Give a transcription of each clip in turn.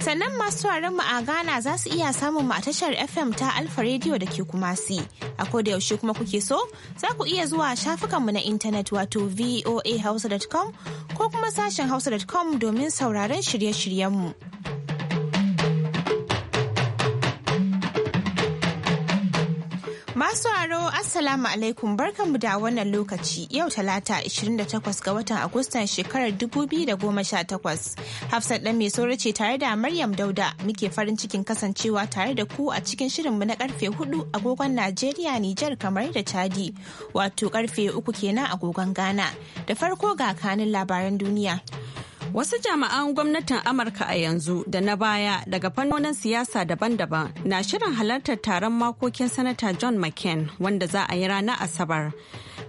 Sannan masu mu a Ghana za su iya samun mu a tashar FM ta Alfa Radio da ke Kumasi. A yaushe kuma kuke so, za ku iya zuwa shafukanmu na intanet wato voahausa.com ko kuma sashen hausa.com domin sauraron shirye-shiryenmu. Masu aro Assalamu alaikum barkanmu da wannan lokaci yau talata 28 ga watan Agustan shekarar 2018. Hafsat ɗan mai sauri ce tare da Maryam Dauda muke farin cikin kasancewa tare da ku a cikin shirinmu na karfe 4 agogon Najeriya Nijar kamar da Chadi wato karfe 3 kenan agogon Ghana. Da farko ga kanin labaran duniya. Wasu jami'an gwamnatin Amurka a yanzu da na baya daga fannonin siyasa daban-daban na shirin halartar taron makokin Sanata John McCain wanda za a yi ranar Asabar.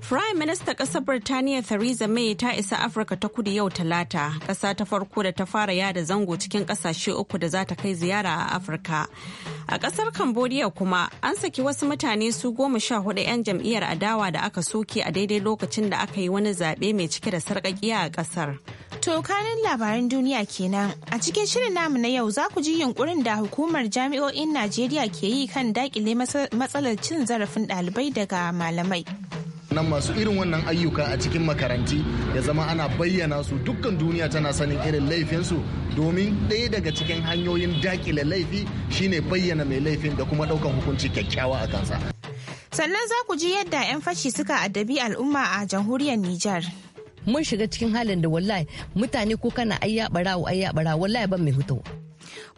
Prime Minister ƙasar Birtaniya Theresa May ta isa Afirka ta kudu yau talata, ƙasa ta farko da ta fara yada zango cikin ƙasashe uku da za ta kai ziyara a Afirka. A ƙasar Cambodia kuma an saki wasu mutane su goma sha hudu 'yan jam'iyyar adawa da aka soke a daidai lokacin da aka yi wani zaɓe mai cike da sarƙaƙiya a ƙasar. To kanin labaran duniya kenan a cikin shirin namu na yau za ku ji yunkurin da hukumar jami'o'in Najeriya ke yi kan daƙile matsalar cin zarafin ɗalibai daga malamai. nan masu irin wannan ayyuka a cikin makaranti ya zama ana bayyana su dukkan duniya tana sanin irin laifinsu domin ɗaya daga cikin hanyoyin dakile laifi shine bayyana mai laifin da kuma ɗaukan hukunci kyakkyawa a kansa sannan za ku ji yadda 'yan fashi suka addabi al'umma a jamhuriyar nijar mun shiga cikin halin da wallahi mutane ko kana ayya barawo wallahi ban mai hutu.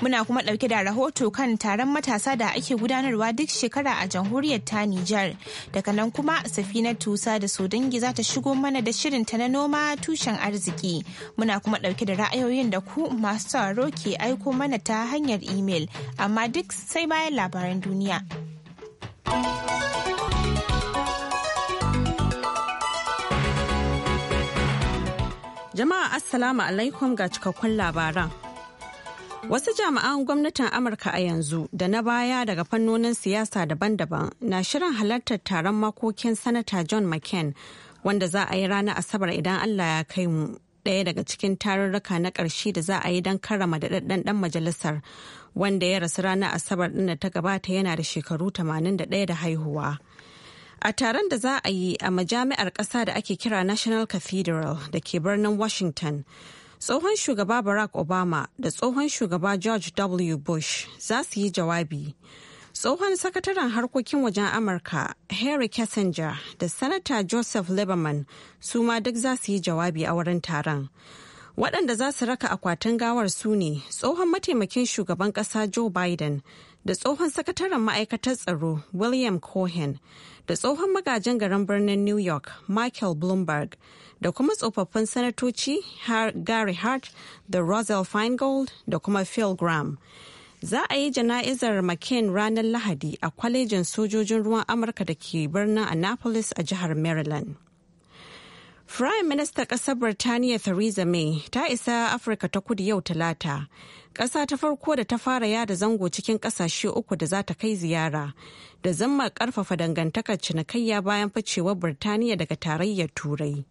Muna kuma ɗauke da rahoto kan taron matasa da ake gudanarwa duk shekara a jamhuriyar ta Nijar. Daga nan kuma safina tusa da sodangi za ta shigo mana da shirin ta na noma tushen arziki. Muna kuma ɗauke da ra'ayoyin da ku masu sauraro ke aiko mana ta hanyar imel. Amma duk sai bayan labaran duniya. Jama'a Assalamu alaikum ga cikakkun labaran. Wasu jami'an gwamnatin Amurka a yanzu da na baya daga fannonin siyasa daban-daban na shirin halartar taron makokin Sanata John McCain wanda za a yi ranar Asabar idan Allah ya kai mu ɗaya daga cikin tarurruka na ƙarshe da za a yi don karrama ɗaɗɗan ɗan majalisar wanda ya rasu ranar Asabar ɗin da ta gabata yana da shekaru 81 da haihuwa. A taron da za a yi a majami'ar ƙasa da ake kira National Cathedral da ke birnin Washington. tsohon shugaba barack obama da tsohon shugaba george w bush za su yi jawabi tsohon sakataren harkokin wajen amurka harry Kessinger da sanata joseph lieberman su ma duk za su yi jawabi a wurin taron waɗanda za su raka akwatin gawar su ne tsohon mataimakin shugaban ƙasa joe biden da tsohon sakataren ma'aikatar tsaro william cohen da tsohon magajin garin birnin new york michael bloomberg da kuma tsofaffin sanatoci gary hart da rosal feingold da kuma phil graham za a yi jana'izar mccain ranar lahadi a kwalejin sojojin ruwan amurka da ke birnin annapolis a jihar maryland Prime Minister ƙasar Birtaniya Theresa May ta isa Afirka ta kudu yau Talata, ƙasa ta farko da ta fara yada zango cikin ƙasashe uku da za ta kai ziyara, da zama ƙarfafa dangantakar cinikayya bayan ficewar Birtaniya daga tarayyar Turai.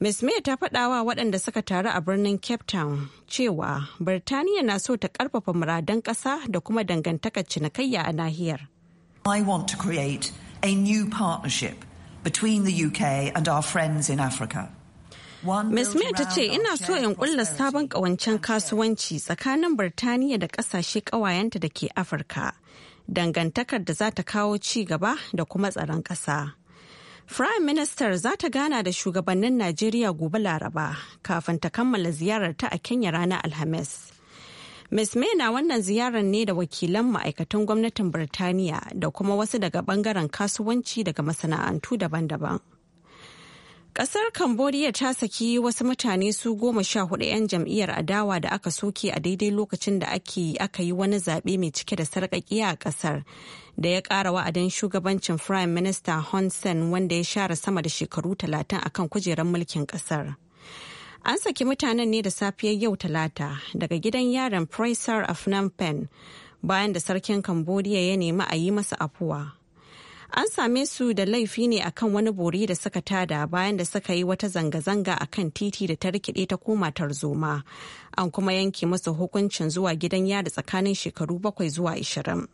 Ms. May ta faɗawa waɗanda suka taru a birnin Cape Town cewa Birtaniya na so ta ƙarfafa muradan ƙasa da kuma dangantakar cinikayya a nahiyar. I want to create a new partnership between the UK and our friends in Africa. Ms. May ta ce ina so in kulla sabon kawancen kasuwanci tsakanin Birtaniya da kasashe kawayenta da ke Afirka, dangantakar da za ta kawo ci gaba da kuma tsaron ƙasa. Prime Minister za ta gana da shugabannin Najeriya gobe Laraba kafin ta kammala ziyararta a Kenya ranar Alhamis. Ms. May na wannan ziyarar ne da wakilan ma'aikatan gwamnatin Birtaniya da kuma wasu daga bangaren kasuwanci daga masana'antu daban-daban. Kasar Cambodia ta saki wasu mutane su goma sha hudu 'yan jam'iyyar adawa da aka soke a daidai lokacin da aka yi wani zaɓe mai cike da sarƙaƙiya a ƙasar da ya ƙara wa'adin shugabancin Prime Minista Hun Sen wanda ya share sama da shekaru talatin akan kujerar mulkin ƙasar. An saki mutanen ne da safiyar yau talata daga gidan yarin Prisar of Phnom Penh bayan da sarkin Cambodia ya nemi a yi masa afuwa. An same su da laifi ne akan wani bori da suka tada bayan da suka yi wata zanga-zanga akan titi da ta rikide ta koma tarzoma. An kuma yanke masa hukuncin zuwa gidan yada tsakanin shekaru bakwai zuwa ishirin.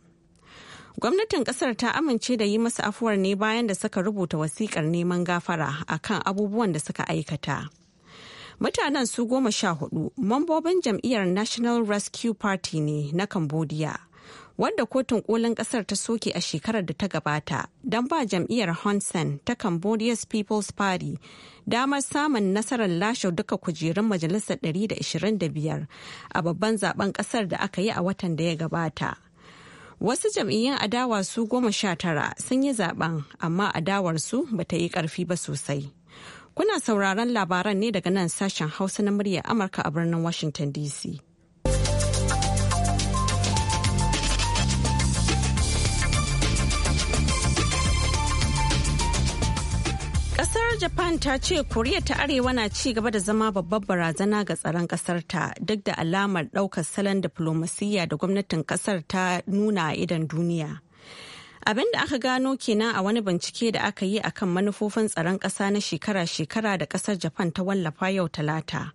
gwamnatin kasar ta amince da yi masa afuwar ne bayan da suka rubuta wasikar neman gafara akan abubuwan da suka aikata. Mutanen su goma sha hudu mambobin jam'iyyar National Rescue Party ne na Cambodia. Wanda kotun kolin kasar ta soke a shekarar da ta gabata don ba jam'iyyar hansen ta Cambodia's People's Party damar samun nasarar lashe duka kujerun majalisar 125 a babban zaben kasar da aka yi a watan da ya gabata. Wasu jam'iyyun adawa su goma sha tara sun yi zaben amma adawarsu ba ta yi ƙarfi ba sosai. Kuna sauraron labaran ne daga nan sashen Hausa na murya Amurka a birnin Washington DC. Kasar Japan ta ce Koriya ta Arewa na ci gaba da zama babbar barazana ga tsaron kasar ta duk da alamar daukar salon diflomasiyya da gwamnatin kasar ta nuna a idan duniya. Abin da aka gano kenan a wani bincike da aka yi a kan manufofin tsaron ƙasa na shekara-shekara da ƙasar Japan ta wallafa yau talata.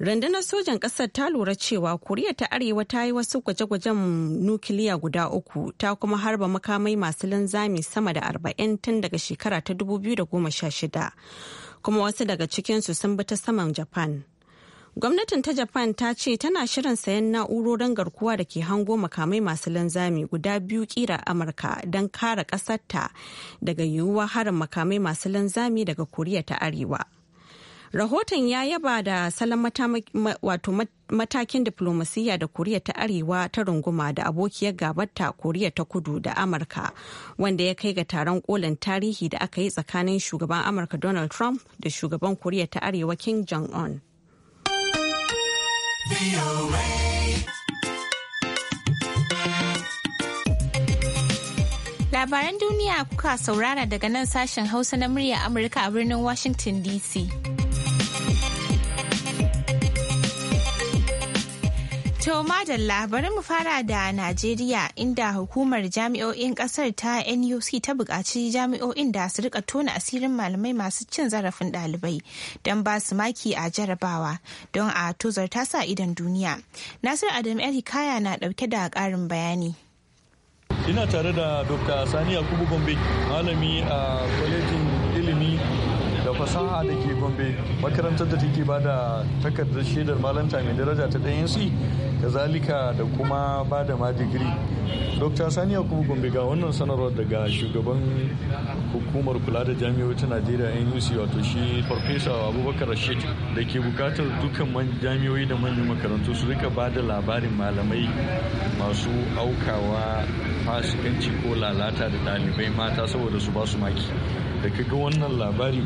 Rundunar sojan ƙasar ta lura cewa Koriya ta Arewa ta yi wasu gwaje-gwajen nukiliya guda uku ta kuma harba makamai masu linzami sama da arba'in tun daga shekara ta 2016 kuma wasu daga cikinsu sun bi ta saman Japan. Gwamnatin ta Japan ta ce tana shirin sayan na'urorin garkuwa da ke hango makamai masu linzami guda biyu kira Amurka don kare kasarta daga yiwuwa harin makamai masu linzami daga Koriya ta Arewa. Rahoton ya yaba da salon matakin diplomasiyya da Koriya ta Arewa ta runguma da abokiyar gabata Koriya ta Kudu da Amurka wanda ya kai ga taron kolin tarihi da aka yi tsakanin shugaban Amurka Donald Trump da shugaban Koriya ta Arewa Kim Jong-un. Labaran duniya kuka saurara daga nan sashen Hausa na murya Amurka a birnin Washington DC. To madalla bari mu fara da Najeriya inda hukumar jami'o'in kasar ta NUC ta buƙaci jami'o'in da su rika tona asirin malamai masu cin zarafin ɗalibai don ba su maki a jarabawa don a tozar ta sa idan duniya. Nasir Adam Eri kaya na ɗauke da ƙarin bayani. Ina tare da Dr. Sani Yakubu Gombe, malami a kwalejin fasaha da ke gombe makarantar da take bada takardar shaidar malanta mai daraja ta ɗayan si kazalika da kuma bada da ma digiri dr saniya kuma gombe ga wannan sanarwar daga shugaban hukumar kula da jami'o ta najeriya nuc wato shi farfesa abubakar rashid da ke bukatar dukkan jami'o'i da manyan makarantu su rika bada labarin malamai masu aukawa fasikanci ko lalata da ɗalibai mata saboda su ba su maki da ka wannan labari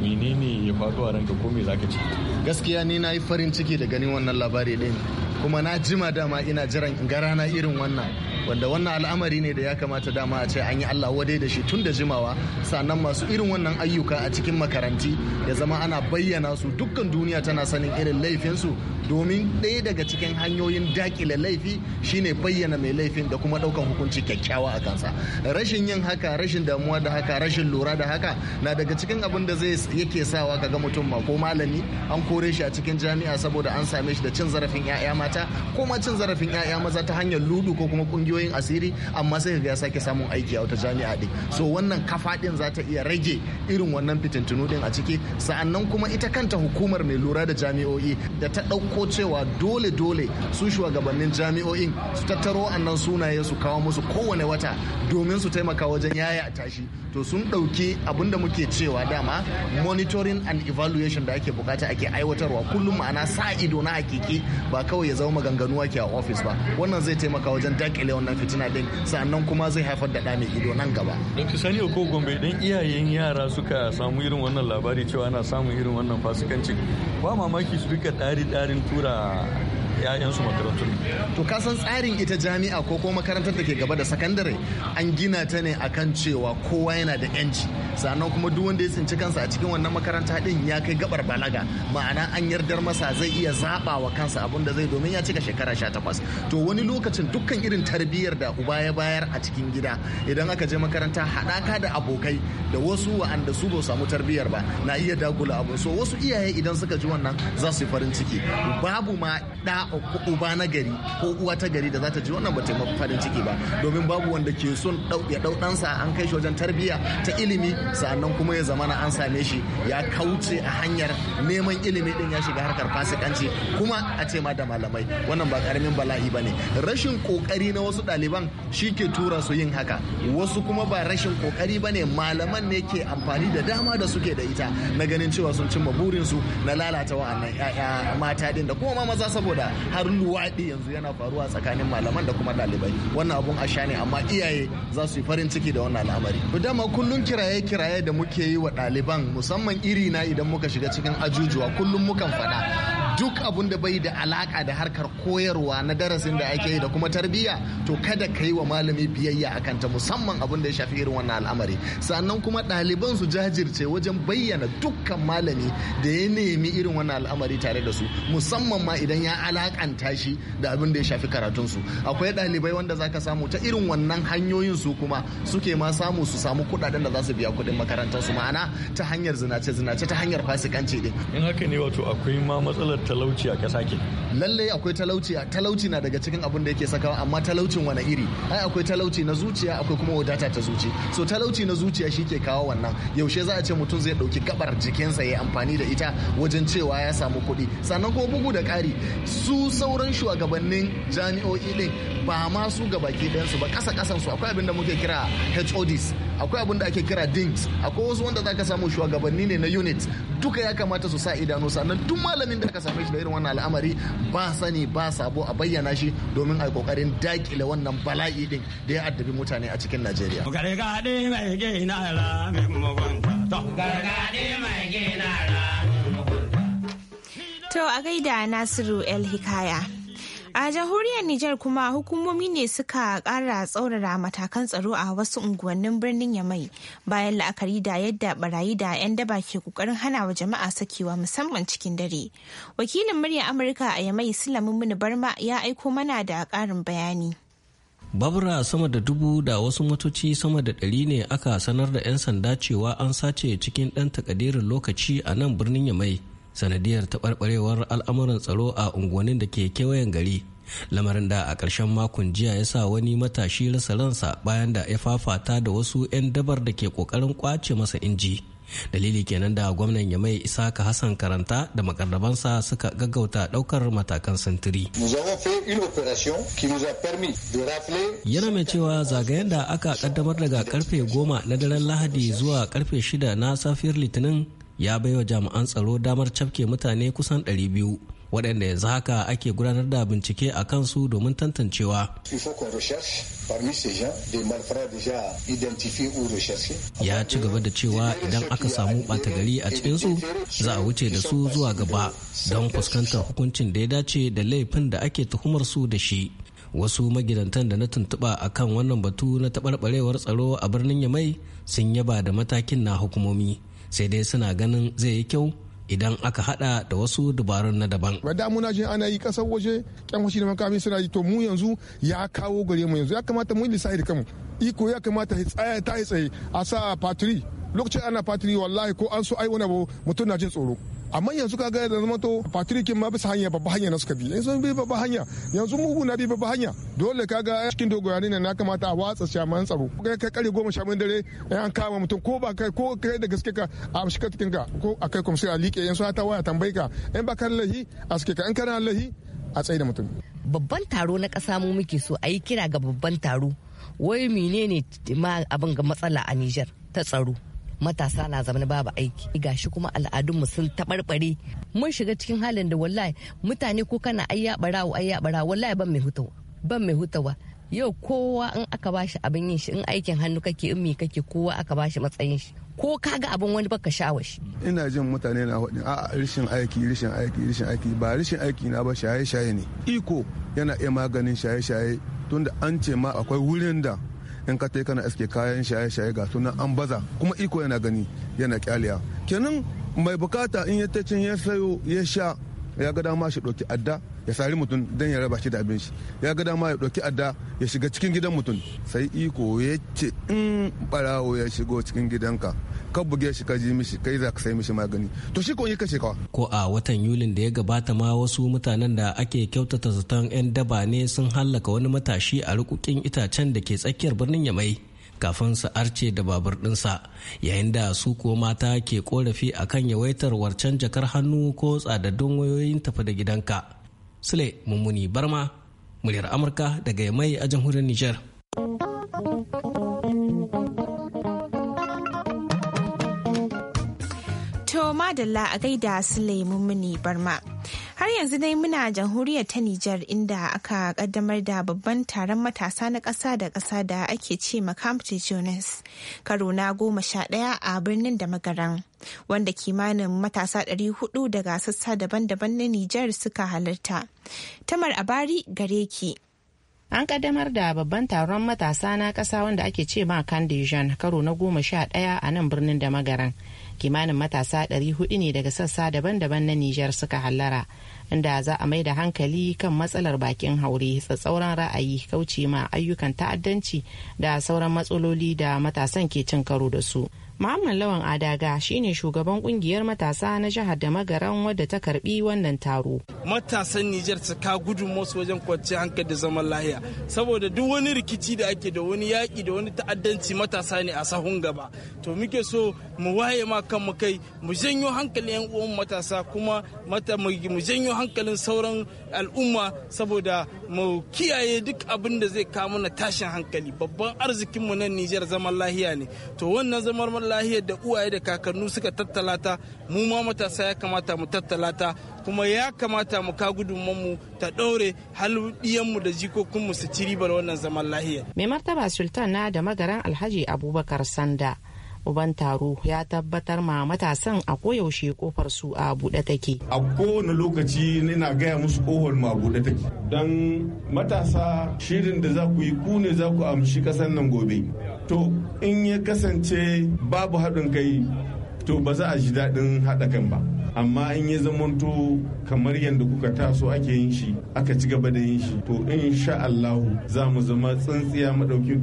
menene ya faɗo a ranka ko me zaka ce gaskiya ni na yi farin ciki da ganin wannan labari din kuma na jima dama ina jiran in ga rana irin wannan wanda wannan al'amari ne da ya kamata dama a ce an yi allah wadai da shi tun da jimawa sannan masu irin wannan ayyuka a cikin makaranti ya zama ana bayyana su dukkan duniya tana sanin irin laifinsu domin ɗaya daga cikin hanyoyin dakile laifi shine bayyana mai laifin da kuma ɗaukan hukunci kyakkyawa a kansa rashin yin haka rashin damuwa da haka rashin lura da haka na daga cikin abin da zai yake sawa kaga mutum ma ko malami an kore shi a cikin jami'a saboda an same shi da cin zarafin 'ya'ya mata ko ma cin zarafin 'ya'ya maza ta hanyar ludu ko kuma kungiyoyi yin asiri amma sai ya sake samun aiki a wata jami'a din so wannan kafa din za ta iya rage irin wannan fitintunu din a ciki sa'annan kuma ita kanta hukumar mai lura da jami'o'i da ta ɗauko cewa dole dole su shugabannin jami'o'in su tattaro annan sunaye su kawo musu kowane wata domin su taimaka wajen yaya tashi to sun ɗauki abin da muke cewa dama monitoring and evaluation da ake bukata ake aiwatarwa kullum ma'ana sa ido na hakiki ba kawai ya zama maganganu ake a ofis ba wannan zai taimaka wajen dakile wannan fitina din sannan kuma zai haifar da ɗa mai ido nan gaba. Dr. Sani ko Gombe idan iyayen yara suka samu irin wannan labari cewa ana samun irin wannan fasikanci ba mamaki su rika ɗari ɗarin tura 'ya'yansu makarantun to ka san tsarin ita jami'a ko ko makarantar da ke gaba da sakandare an gina ta ne akan cewa kowa yana da yanci sannan kuma duk wanda ya tsinci kansa a cikin wannan makaranta din ya kai gabar balaga ma'ana an yardar masa zai iya zaba wa kansa abin da zai domin ya cika shekara 18 to wani lokacin dukkan irin tarbiyyar da uba ya bayar a cikin gida idan aka je makaranta haɗaka da abokai da wasu wa'anda su ba samu tarbiyyar ba na iya dagula abu so wasu iyaye idan suka ji wannan za su yi farin ciki babu ma ɗa uba na gari ko uwa ta gari da za ta ji wannan ba ta farin ciki ba domin babu wanda ke son ya ɗau ɗansa an kai shi wajen tarbiyya ta ilimi sannan kuma ya zamana an same shi ya kauce a hanyar neman ilimi din ya shiga harkar fasikanci kuma a ce ma da malamai wannan ba karamin bala'i ba ne rashin kokari na wasu ɗaliban shi ke tura su yin haka wasu kuma ba rashin kokari ba ne malaman ne ke amfani da dama da suke da ita na ganin cewa sun cimma burinsu na lalata wa'annan 'ya'ya mata din da kuma ma maza saboda saboda har luwaɗi yanzu yana faruwa tsakanin malaman da kuma ɗalibai wannan abun a ne amma iyaye za su yi farin ciki da wannan al'amari to dama kullum kiraye kiraye da muke yi wa ɗaliban musamman iri na idan muka shiga cikin ajujuwa kullum mukan faɗa duk abun da bai da alaka da harkar koyarwa na darasin da ake yi da kuma tarbiyya to kada ka yi wa malami biyayya a ta musamman abun da ya shafi irin wannan al'amari sannan kuma ɗaliban su jajirce wajen bayyana dukkan malami da ya nemi irin wannan al'amari tare da su musamman ma idan ya alakanta shi da abin da ya shafi karatun su akwai ɗalibai wanda zaka samu ta irin wannan hanyoyin su kuma suke ma samu su samu kuɗaɗen da za su biya kuɗin makarantar su ma'ana ta hanyar zinace zinace ta hanyar fasikanci din in haka ne wato akwai ma matsalar talauci a ƙasa ke lallai akwai talauci talauci na daga cikin abin da yake sakawa amma talaucin wani iri ai akwai talauci na zuciya akwai kuma wadata ta zuci so talauci na zuciya shi ke kawo wannan yaushe za a ce mutum zai ɗauki gabar jikinsa ya amfani da ita wajen cewa ya samu kuɗi sannan ko bugu da ƙari su sauran shugabannin jami'o'i din ba ma su ga baki su ba ƙasa ƙasan su akwai abin da muke kira HODs akwai abin da ake kira DINGS akwai wasu wanda za ka samu shugabanni ne na unit duka ya kamata su sa idanu sannan duk malamin da aka same shi da irin wannan al'amari ba sani ba sabo a bayyana shi domin a kokarin dakile wannan bala'i din da ya addabi mutane a cikin Najeriya. mai gina ra mugunta. mai gina ra To a gaida Nasiru El Hikaya. A jamhuriyar Nijar kuma hukumomi ne suka kara tsaurara matakan tsaro a wasu unguwannin birnin Yamai bayan la'akari da yadda barayi da 'yan daba ke ƙoƙarin hana wa jama'a sakewa musamman cikin dare. Wakilin muryar Amurka a Yamai Sulamin Mini Barma ya aiko mana da ƙarin bayani. babura sama da dubu da wasu motoci sama da ɗari ne aka sanar da 'yan sanda cewa an sace cikin ɗan takadirin lokaci a nan birnin yamai sanadiyar taɓarɓarewar al'amuran tsaro a unguwannin da ke kewayen gari lamarin da a ƙarshen makon jiya ya sa wani matashi rasa ransa bayan da ya fafata da wasu 'yan dabar da ke ƙoƙarin kwace masa inji dalili kenan da gwamnan ya mai isaka hassan karanta da makarrabansa suka gaggauta ɗaukar matakan sintiri yana mai cewa zagayen da aka kaddamar daga karfe goma na daren lahadi zuwa karfe shida na safiyar litinin ya baiwa jami'an tsaro damar cafke mutane kusan 200 waɗanda yanzu haka ake gudanar da bincike a kansu domin tantancewa. Ya ci gaba da cewa idan aka samu ɓata gari a cikinsu za a wuce da su zuwa gaba don fuskantar hukuncin da ya dace da laifin da ake tuhumar su da shi. wasu magidantan da na tuntuɓa a kan wannan batu na taɓarɓarewar tsaro a birnin yamai sun yaba da matakin na hukumomi sai dai suna ganin zai yi kyau idan aka hada da wasu dabarun na daban. Wadda muna jin ana yi kasar waje kyan wasu da makami suna yi to mu yanzu ya kawo gare mu yanzu ya kamata mu lissafi da kanmu iko ya kamata tsaya ta tsaye a sa patri lokacin ana patri wallahi ko an so ai wani abu mutum na jin tsoro amma yanzu kaga da zama to patrick ma bisa hanya babba hanya na suka bi yanzu bi babba hanya yanzu mugu na bi babba hanya dole ka ga cikin dogoyani ne na kamata a watsa amma tsaro kai ka kare goma sha dare an kama mutum ko ba kai ko kai da gaske ka a shiga cikin ka ko a kai kuma sai a liƙe yanzu ta waya tambayi ka in ba kan lahi a suke ka in kana lahi a tsaye da mutum babban taro na kasa mu muke so a yi kira ga babban taro wai menene ma abin ga matsala a Nijar ta tsaro matasa na zamani babu aiki gashi kuma al'adunmu sun taɓarɓare mun shiga cikin halin da wallahi mutane ko kana ai ya barawo ai ya barawo wallahi ban mai hutawa ban mai hutawa yau kowa in aka bashi abin yin shi in aikin hannu kake in me kake kowa aka bashi matsayin shi ko kaga abin wani baka sha'awar shi ina jin mutane na hudin a rishin aiki rishin aiki rishin aiki ba rishin aiki na ba shaye shaye ne iko yana iya maganin shaye shaye tunda an ce ma akwai wurin da in ka taikana kana iske kayan shaye-shaye ga sunan an baza kuma iko yana gani yana kyaliya kenan mai bukata in ya tacin ya sayo ya sha ya ga dama shi ɗauki adda ya sari mutum don ya raba shi da abin shi ya ga dama ya ɗauki adda ya shiga cikin gidan mutum sai iko ya ce in barawo ya shigo cikin gidanka ka buge shi ka ji mishi kai za ka sai mishi magani to shi ko yi kashe kawa ko a watan yulin da ya gabata ma wasu mutanen da ake kyautata zaton yan daba ne sun hallaka wani matashi a rukukin itacen da ke tsakiyar birnin yamai kafin su arce da babur sa yayin da su kuwa mata ke korafi akan yawaitar warcan jakar hannu ko tsadaddun wayoyin tafi da gidanka sule mummuni barma muryar amurka daga yamai a jamhuriyar niger madalla a gaida Suleiman Muni Barma. Har yanzu dai muna jamhuriyar ta Nijar inda aka kaddamar da babban taron matasa na kasa da kasa da ake ce Makamte Jones karo na goma sha ɗaya a birnin da magaran wanda kimanin matasa ɗari hudu daga sassa daban-daban na Nijar suka halarta. Tamar Abari gare ki. an kaddamar da babban taron matasa na ƙasa wanda ake ce ma kandijan karo na goma sha ɗaya a nan birnin da magaran kimanin matasa 400 ne daga sassa daban-daban na Nijar suka hallara inda za a mai da hankali kan matsalar bakin haure tsatsauran ra'ayi kauce ma ayyukan ta'addanci da sauran matsaloli da matasan ke cin karo da su. Muhammad Lawan Adaga shine shugaban kungiyar matasa na jihar da magaran wadda ta karbi wannan taro. Matasan Nijar su ka gudun masu wajen kwanciyar hankali da zaman lahiya saboda duk wani rikici da ake da wani yaƙi da wani ta'addanci matasa ne a sahun gaba. To muke so mu waye ma kanmu kai mu janyo hankalin yan uwan matasa kuma mata mu janyo hankalin sauran al'umma saboda mu kiyaye duk abin da zai kawo mana tashin hankali babban arzikin mu na Nijar zaman lahiya ne. To wannan zaman lahiyar da uwaye da kakannu suka tattala ta mu ma matasa ya kamata mu tattala ta kuma ya kamata mu ka mu ta ɗaure mu da jikokinmu su ci ribar wannan zaman lahiyar. mai martaba sultan na da magaran alhaji abubakar sanda uban taro ya tabbatar ma matasan a koyaushe kofar su a buɗe take a kowane lokaci nina gaya musu kofar mu a buɗe take don matasa shirin da za ku yi ku ne za ku amshi ƙasar nan gobe to in ya kasance babu haɗin kai to ba za a ji daɗin haɗa kan ba amma in ya zamanto kamar yadda kuka taso ake yin shi aka ci gaba da yin shi to insha Allahu za mu zama tsintsiya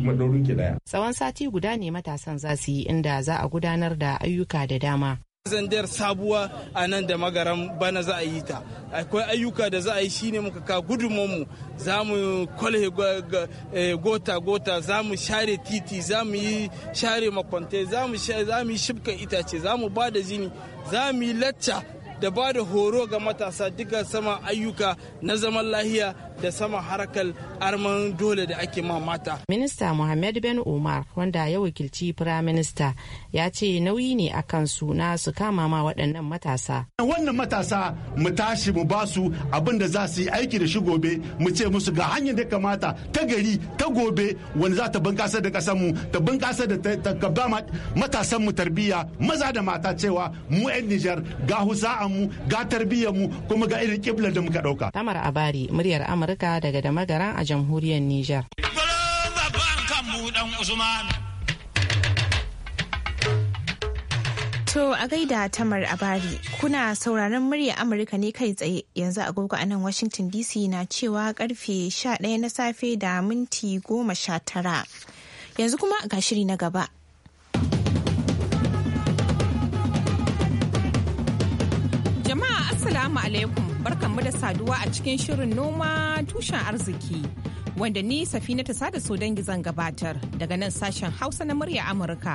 madaurin ki daya tsawon sati guda ne matasan zasu yi inda za a gudanar da ayyuka da dama zandar sabuwa a nan da magaran bana za a yi ta akwai ayyuka da za a yi shine muka ka mu za mu kwalhe eh, gota gota za mu share titi za mu yi share makwantai za mu yi shibka itace za mu ba da jini za mu yi lacca da ba da horo ga matasa duka sama ayyuka na zaman lahiya da sama harkar arman dole da ake ma mata. Minista Muhammad Ben Umar wanda ya wakilci firaminista ya ce nauyi ne a kansu na su kama ma waɗannan matasa. Wannan matasa mu tashi mu ba su abin da za su yi aiki da shi gobe mu ce musu ga hanyar da kamata ta gari ta gobe wani za ta bunkasa da ƙasarmu ta bunkasa da ta gaba matasan mu tarbiyya maza da mata cewa mu 'yan Nijar ga husa'anmu mu ga tarbiyyar mu kuma ga irin kiblar da muka ɗauka. Tamar Abari muryar Amurka. amurka daga da magaran a jamhuriyar niger To a gaida tamar abari kuna sauraron murya Amurka ne kai tsaye yanzu agogo a nan Washington DC na cewa karfe 11 na safe da minti 19. Yanzu kuma ga shiri na gaba. Jama'a Assalamu alaikum barkanmu da saduwa a cikin shirin noma tushen arziki wanda ni safina ta sada so dangi zan gabatar daga nan sashen hausa na murya amurka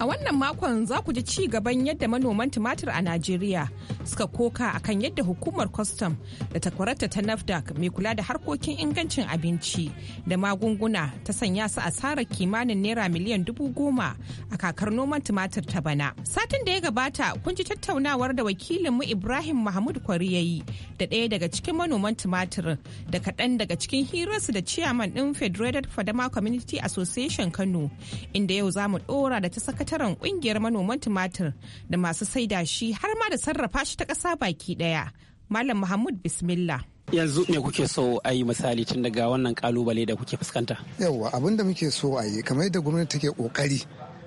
A wannan makon za ku ji ci gaban yadda manoman tumatir a Najeriya suka koka akan yadda hukumar kwastam da takwararta ta NAFDAC mai kula da harkokin ingancin abinci da magunguna ta sanya su asarar kimanin naira miliyan dubu goma a kakar noman tumatir ta bana. Satin da ya gabata kun ji tattaunawar da wakilinmu Ibrahim Mahmud Kwari ya yi da ɗaya daga cikin manoman tumatir da kaɗan daga cikin hirarsu da ciyaman ɗin Federated Fadama Community Association Kano inda yau za mu ɗora da ta saka sakataren kungiyar manoman tumatir da masu saida shi har ma da sarrafa shi ta ƙasa baki ɗaya. Malam Muhammad Bismillah. yanzu ne kuke so a yi misali tun daga wannan kalubale da kuke fuskanta yawwa abin da muke so a yi kamar yadda gwamnati take kokari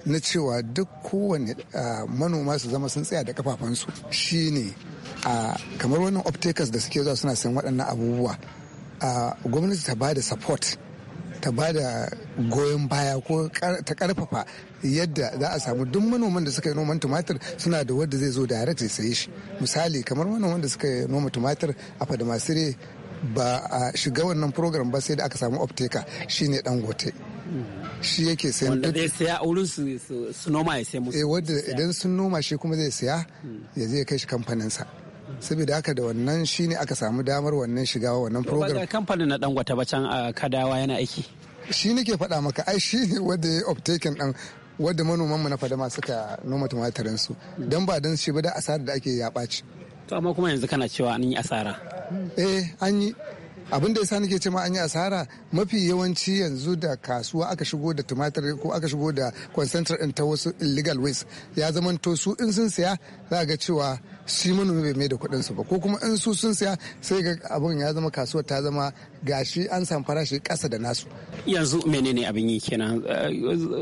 na cewa duk kowane manoma su zama sun tsaya da kafafansu shine a kamar wannan optakers da suke zuwa suna sayan waɗannan abubuwa a gwamnati ta ba da support ta ba da goyon baya ko ta karfafa yadda za a samu duk manoman da suka yi noman tumatir suna da wadda zai zo da ya saye shi misali kamar manoman da suka yi noma tumatir a fadamasire ba a shiga wannan program ba sai da aka samu ne shine dangote shi yake sayan wanda zai saya a wurin su noma ya sai musu eh idan sun noma shi kuma zai saya hmm. ya je kai shi kamfanin sa. saboda haka da wannan shine aka samu damar wannan shiga wannan program ba kamfanin na dangwata ba can a kadawa yana aiki shi nake faɗa maka ai shi ne wanda ya obtaken dan wadda manoman mu na fadama suka noma tumatirin su don ba don shi ba da asara da ake ya ɓaci to amma kuma yanzu kana cewa an yi asara eh an yi abin da yasa nake cewa an yi asara mafi yawanci yanzu da kasuwa aka shigo da tumatir ko aka shigo da concentrate din ta wasu illegal waste ya to su in sun siya za ga cewa shi manomi bai mai da kuɗin su ba ko kuma in su sun saya sai ga abin ya zama kasuwar ta zama gashi an san farashi ƙasa da nasu yanzu menene abin yi kenan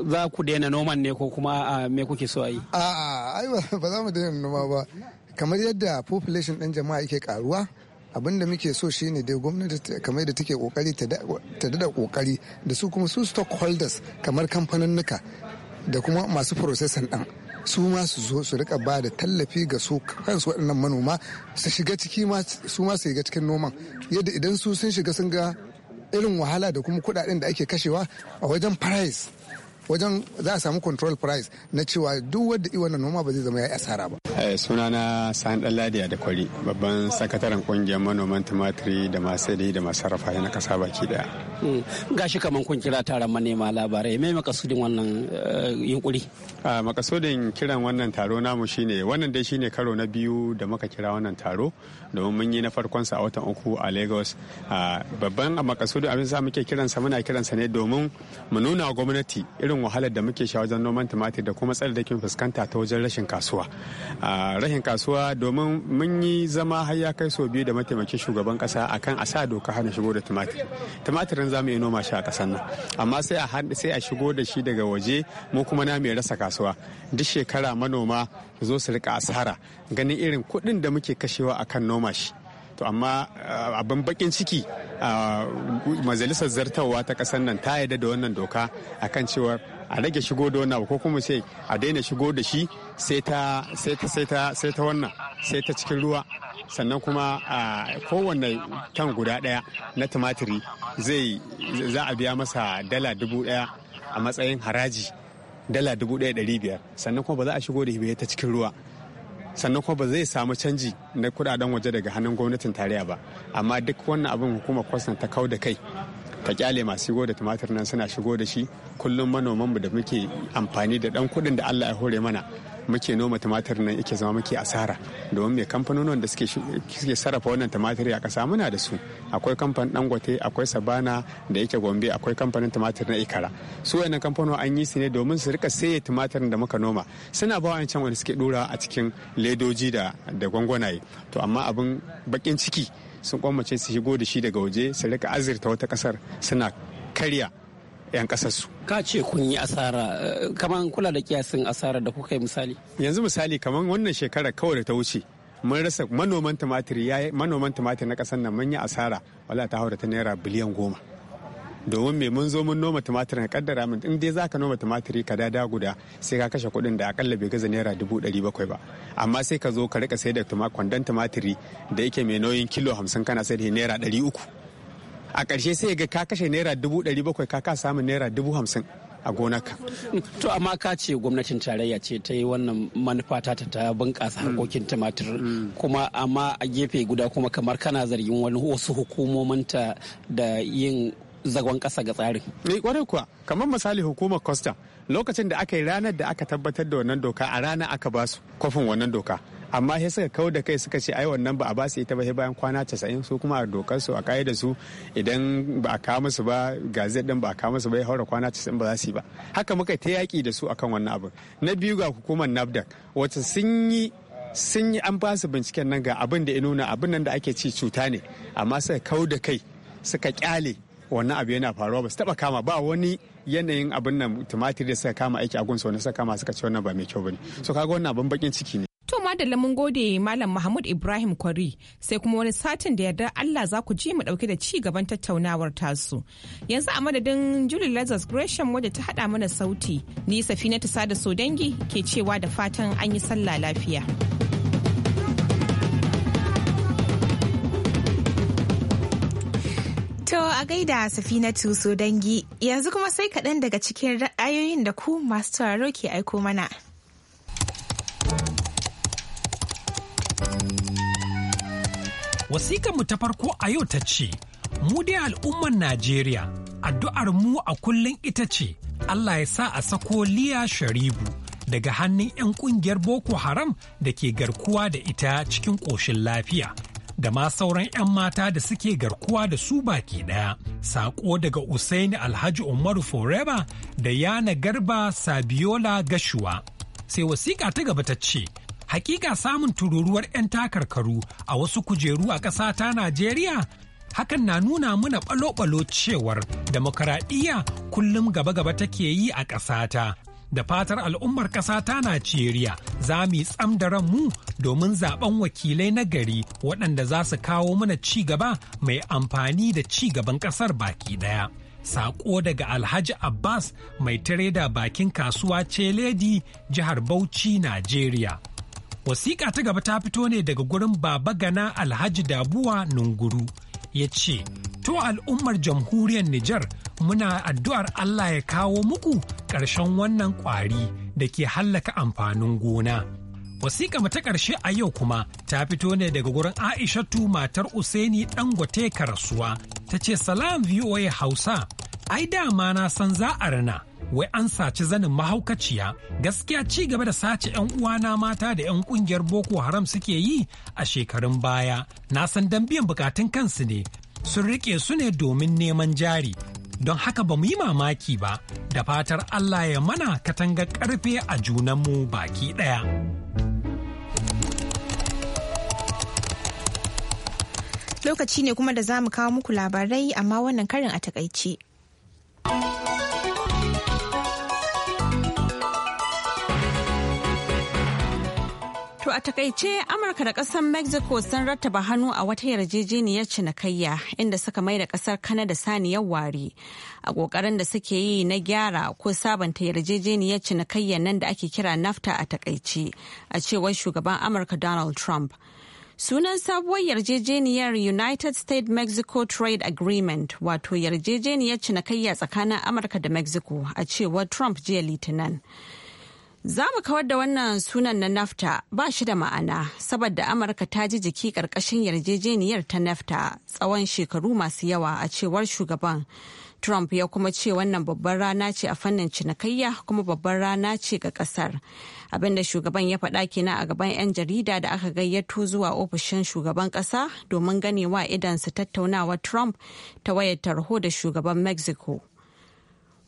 za ku daina noman ne ko kuma me kuke so a yi a'a ai ba za mu daina noma ba kamar yadda population ɗin jama'a yake karuwa abin da muke so shine dai gwamnati kamar da take kokari ta dada kokari da su kuma su stockholders kamar kamfanin nuka da kuma masu processing ɗin su ma su zo su rika ba da tallafi ga su kansu waɗannan manoma su shiga ciki ma su ma su shiga cikin noman yadda idan su sun shiga sun ga irin wahala da kuma kuɗaɗen da ake kashewa a wajen price wajen za a samu control price na cewa duk wanda i wannan noma ba zai zama ya asara ba. Eh, sunana san ladiya da kwari babban sakataren kungiyar manoman tumatiri da masu da masu na kasa baki daya. Hmm. gashi kamar kun kira taron manema labarai me makasudin wannan eh, yunkuri. Ah, makasudin kiran wannan taro namu shine wannan dai shine karo na biyu da muka kira wannan taro domin mun yi na farkon sa a watan uku a lagos ah, babban makasudin abin za muke kiransa muna kiransa ne domin mu nuna gwamnati irin wahalar da muke sha wajen noman tumatir da kuma tsare da kin fuskanta ta wajen rashin kasuwa rashin kasuwa domin mun yi zama har ya kai sau biyu da mataimakin shugaban kasa akan a sa doka hana shigo da tumatir tumatirin za mu iya noma shi a kasan nan amma sai a sai a shigo da shi daga waje mu kuma na mai rasa kasuwa duk shekara manoma zo su rika asara ganin irin kuɗin da muke kashewa akan noma shi to amma eh, abin bakin ciki eh, majalisar zartawa ta kasar nan ta yarda da wannan doka akan cewa a rage shigo da wannan ko kuma sai a daina shigo da shi sai ta wannan sai ta cikin ruwa sannan kuma a eh, kowanne tan guda daya na tumatiri zai za a biya masa dala dubu daya a matsayin haraji dala dubu daya dari biyar sannan kuma ba za a shigo da ta cikin ruwa sannan kuma ba zai samu canji na kudaden waje daga hannun gwamnatin tarayya ba amma duk wannan abin hukumar kwastan ta kau da kai ta kyale masu shigo da tumatir nan suna shigo da shi kullum manoman mu da muke amfani da dan kudin da allah ya hore mana muke noma tumatir nan yake zama muke asara domin mai kamfanonin da suke sarrafa wannan tumatir a kasa muna da su akwai kamfanin dangote akwai sabana da yake gombe akwai kamfanin tumatir na ikara su wayannan kamfanon an yi su ne domin su rika saye tumatir da muka noma suna ba wani can wanda suke dura a cikin ledoji da da gwangwanaye to amma abin bakin ciki sun kwamace su shigo da shi daga waje su rika azirta wata kasar suna karya 'yan kasarsu. Ka ce kun yi asara, eh, kamar kula da kiyasin asara da kuka yi misali? Yanzu misali kamar wannan shekarar kawai da ta wuce, mun rasa manoman tumatir ya manoman tumatir na kasar nan mun yi asara wala ta haura ta naira biliyan goma. Domin me mun zo mun noma tumatir na kaddara mun in za ka noma tumatir ka dada guda sai ka kashe kuɗin da akalla bai gaza naira dubu ɗari bakwai ba amma sai ka zo ka rika sai da kwandon tumatiri da yake mai nauyin kilo hamsin kana sai da naira ɗari uku. a ƙarshe sai ga ka kashe naira dubu ɗari bakwai ka ka samun naira dubu hamsin a ka. To amma ka ce gwamnatin tarayya ce ta yi wannan manufa ta ta bunƙasa mm. harkokin tumatir mm. kuma amma a gefe guda kuma kamar kana zargin wani wasu hukumominta da yin zagon ƙasa ga tsarin. Ni eh, kwarai kuwa kamar misali hukumar Costa lokacin da aka yi ranar da aka tabbatar da wannan doka a rana aka basu kofin wannan doka amma sai suka kau da kai suka ce ai wannan ba a ba su ita ba sai bayan kwana 90 su kuma a dokar su a kaida su idan ba a kawo musu ba gazet din ba a kawo musu ba ya haura kwana 90 ba za su yi ba haka muka ta yaki da su akan wannan abu na biyu ga hukumar nafdak wacce sun yi sun yi an ba su binciken nan ga abin da ya nuna abin nan da ake ci cuta ne amma suka kau da kai suka kyale wannan abu yana faruwa ba su taba kama ba wani yanayin abin nan tumatir da suka kama aiki a gunsa wani suka kama suka ce wannan ba mai kyau bane so kaga wannan abin bakin ciki ne To da lamun gode Malam Mahmud Ibrahim Kwari sai kuma wani satin da yarda Allah za ku ji mu dauke da ci gaban tattaunawar tasu. Yanzu a madadin Julie Lazarus Gresham wadda ta hada mana sauti ni Safina Tisa da Sodangi ke cewa da fatan an yi sallah lafiya. To a gaida Safinatu Sodangi yanzu kuma sai kaɗan daga cikin ra'ayoyin da ku masu tauraro ke aiko mana. mu ta farko a yau ta ce, Mu dai al'ummar Najeriya, addu'ar mu a kullum ita ce, Allah ya sa a sako Liya Sharibu daga hannun 'yan kungiyar Boko Haram da ke garkuwa da ita cikin ƙoshin lafiya. Da ma sauran 'yan mata da suke garkuwa da su baki ɗaya, saƙo daga Usaini Alhaji Umaru Foreba da Yana Garba Sabiola Gashuwa. Sai wasiƙa ta gaba ta ce, Hakika samun tururuwar 'yan takarkaru a wasu kujeru a ƙasa ta Najeriya hakan na nuna muna ɓalo-ɓalo cewar demokaraɗiyya kullum gaba-gaba take yi a ƙasata. Da fatar al'ummar ƙasa ta Najeriya za mu yi tsam da mu domin zaben wakilai na gari waɗanda za su kawo mana ci gaba mai amfani da ci gaban ƙasar baki ɗaya. Saƙo daga Alhaji Abbas mai da bakin kasuwa ce Ledi jihar Bauchi, Najeriya. Wasiƙa ta gaba ta fito ne daga gurin Baba Gana Alhaji Dabuwa Nunguru ya ce, To al'ummar jamhuriyar Nijar muna addu'ar Allah ya kawo muku ƙarshen wannan ƙwari da ke hallaka amfanin gona. Wasiƙa ta ƙarshe a yau kuma ta fito ne daga gurin Aishatu matar usaini Dangote Karasuwa ta ce salam VOA Hausa, ai dama na san za a rana. wai an saci zanin mahaukaciya gaskiya ci gaba da sace 'yan uwana mata da 'yan kungiyar boko haram suke yi a shekarun baya na san dan biyan bukatun kansu ne sun rike su ne domin neman jari don haka ba mu yi mamaki ba da fatar allah ya mana katanga karfe a junanmu baki daya lokaci ne kuma da za mu kawo muku labarai amma wannan karin a takaice. a takaice Amurka da ƙasar Mexico sun rattaba hannu a wata yarjejeniyar cinikayya inda suka mai da ƙasar Kanada saniyar wari, a ƙoƙarin da suke yi na gyara ko sabanta yarjejeniyar cinikayya nan da ake kira NAFTA a takaice a cewar shugaban Amurka Donald Trump. Sunan sabuwar yarjejeniyar United States Mexico Trade Agreement wato yarjejeniyar cinikayya tsakanin Amurka da Mexico a cewar Trump jiya Litinin. Za mu kawar da wannan sunan na NAFTA ba shi da ma'ana, saboda Amurka ta ji jiki ƙarƙashin yarjejeniyar ta NAFTA tsawon shekaru masu yawa a cewar shugaban. Trump ya kuma ce wannan babbar rana ce a fannin cinikayya kuma babbar rana ce ga kasar. Abinda shugaban ya faɗa kenan a gaban 'yan jarida da aka gayyato zuwa ofishin shugaban ƙasa domin ganewa su tattaunawa Trump ta wayar tarho da shugaban Mexico.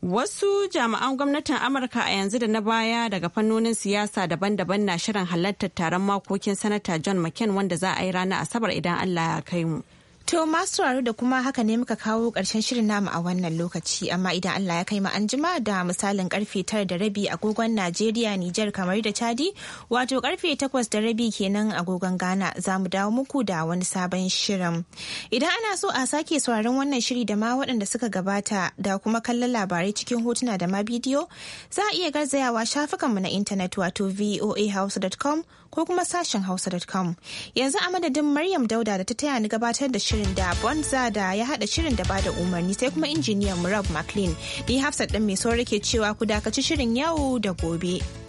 Wasu jami'an gwamnatin Amurka a yanzu da na baya daga fannonin siyasa daban-daban na shirin halartar taron makokin Sanata John McCain wanda za a yi ranar Asabar idan Allah ya kai mu. To masu da kuma haka ne muka kawo ƙarshen shirin namu a wannan lokaci amma idan Allah ya kai mu an jima da misalin karfe tara da rabi agogon Najeriya Nijar kamar da Chadi wato karfe takwas da rabi kenan agogon Ghana za mu dawo muku da wani sabon shirin. Idan ana so a sake sauraron wannan shiri da ma waɗanda suka gabata da kuma kallon labarai cikin hotuna da ma bidiyo za a iya garzayawa mu na intanet wato voahouse.com ko kuma sashen hausa.com yanzu a madadin Maryam Dauda da ta taya ni gabatar da shirin shirin da Bonza da ya hada shirin da bada umarni sai kuma injiniyan Murab McLean. Ni Hafsat dan mai saurake cewa ku dakaci shirin yau da gobe.